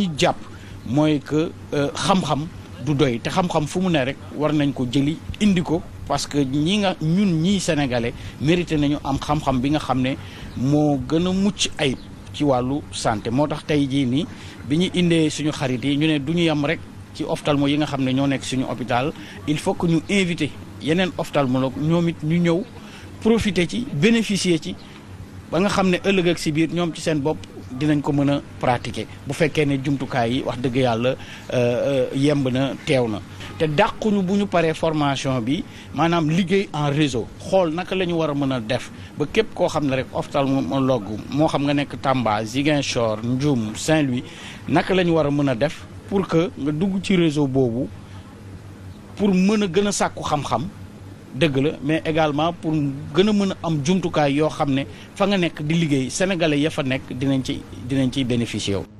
ñu jàpp mooy que euh, xam-xam du doy te xam-xam fu mu ne rek war nañ ko jëli indi ko parce que ñi nga ñun ñii sénégalais mérité nañu am xam-xam bi nga xam ne moo gën a mucc ayib ci wàllu santé moo tax tey jii nii bi ñu indee suñu xarit yi ñu ne du ñu yem rek ci ophtalmo yi nga xam ne ñoo nekk suñu hôpital il faut que ñu invité yeneen ophtalmologue ñoom it ñu ñëw profité ci bénéficier ci ba nga xam ne ëllëg ak si biir ñoom ci seen bopp dinañ ko mën a pratiquer bu fekkee ne jumtukaay yi wax dëgg yàlla euh, euh, yemb na teew na te dàquñu bu ñu paree formation bi maanaam liggéey en réseau xool naka la ñu war a mën a def ba képp koo xam ne rek ophtalmologue moo xam nga nekk Tamba Ziguinchor Ndioum Saint-Louis naka la ñu war a mën a def pour que nga dugg ci réseau boobu pour mën a gën a sàkku xam-xam dëgg la mais également pour gën a mën a am jumtukaay yoo xam ne fa nga nekk di liggéey sénégalais ya fa nekk dinañ ci dinañ ci bénéficier wu.